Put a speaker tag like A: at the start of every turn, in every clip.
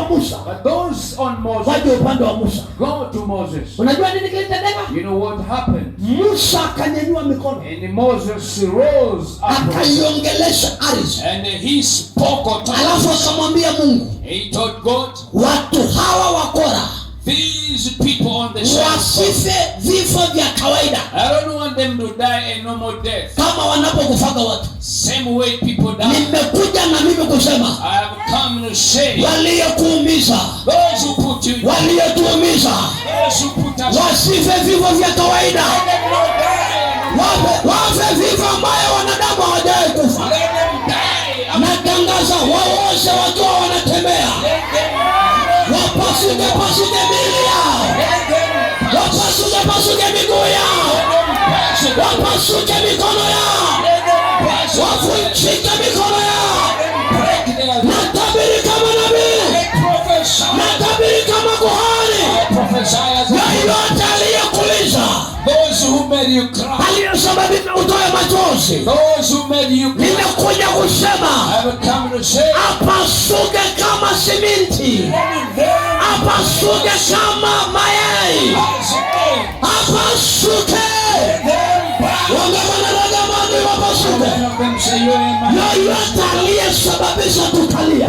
A: wa Musa waje upande wa Musa. Unajua nini kilitendeka? you know Musa akanyanyua mikono akaiongelesha
B: ardhi,
A: alafu akamwambia Mungu, watu hawa wakora
B: These people on the shelf.
A: Wasife vifo vya kawaida.
B: I don't want them to die a normal death.
A: Kama wanapokufaga watu.
B: Same way people
A: die. Nimekuja na mimi kusema.
B: I have come to say.
A: Waliokuumiza.
B: Those who put you.
A: Waliotuumiza.
B: Those who put
A: us. Wasife vifo vya kawaida. Wafe, wafe vifo ambayo wanadamu hawajawahi kufa. Natangaza the aliyosababisha utoe machozi. Nimekuja kusema apasuke kama simiti, apasuke kama mayai, apasuke Yoyote aliyesababisha tutalia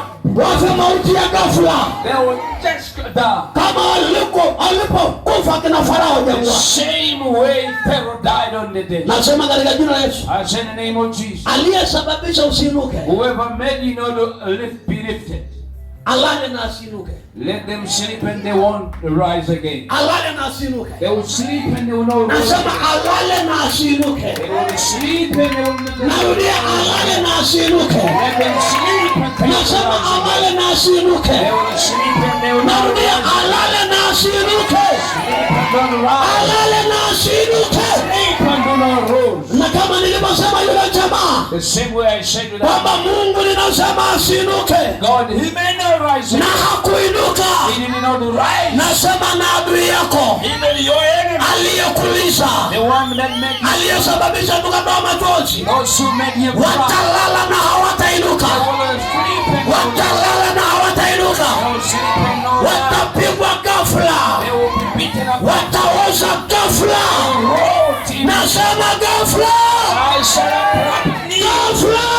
A: wafe mauti ya ghafla kama alipokufa kina Farao
B: jangwani.
A: Nasema katika jina la Yesu aliyesababisha usiinuke alale na asiinuke.
B: Let them sleep and they won't rise again.
A: Alale na asiinuke.
B: They will sleep and they will not
A: rise. Nasema alale na asiinuke. They
B: will sleep and they will not
A: rise. Narudia alale na asiinuke.
B: Let them sleep and
A: Nasema alale na asiinuke. Narudia, alale na asiinuke. Alale na asiinuke. Na kama nilivyosema yule jamaa kwamba Mungu ninasema asiinuke na hakuinuka, nasema na adui yako aliyekuliza, aliyesababisha tukatoa machozi, watalala na hawatainuka watalala na hawatainuka, watapigwa ghafla, wataoza ghafla. Nasema ghafla, ghafla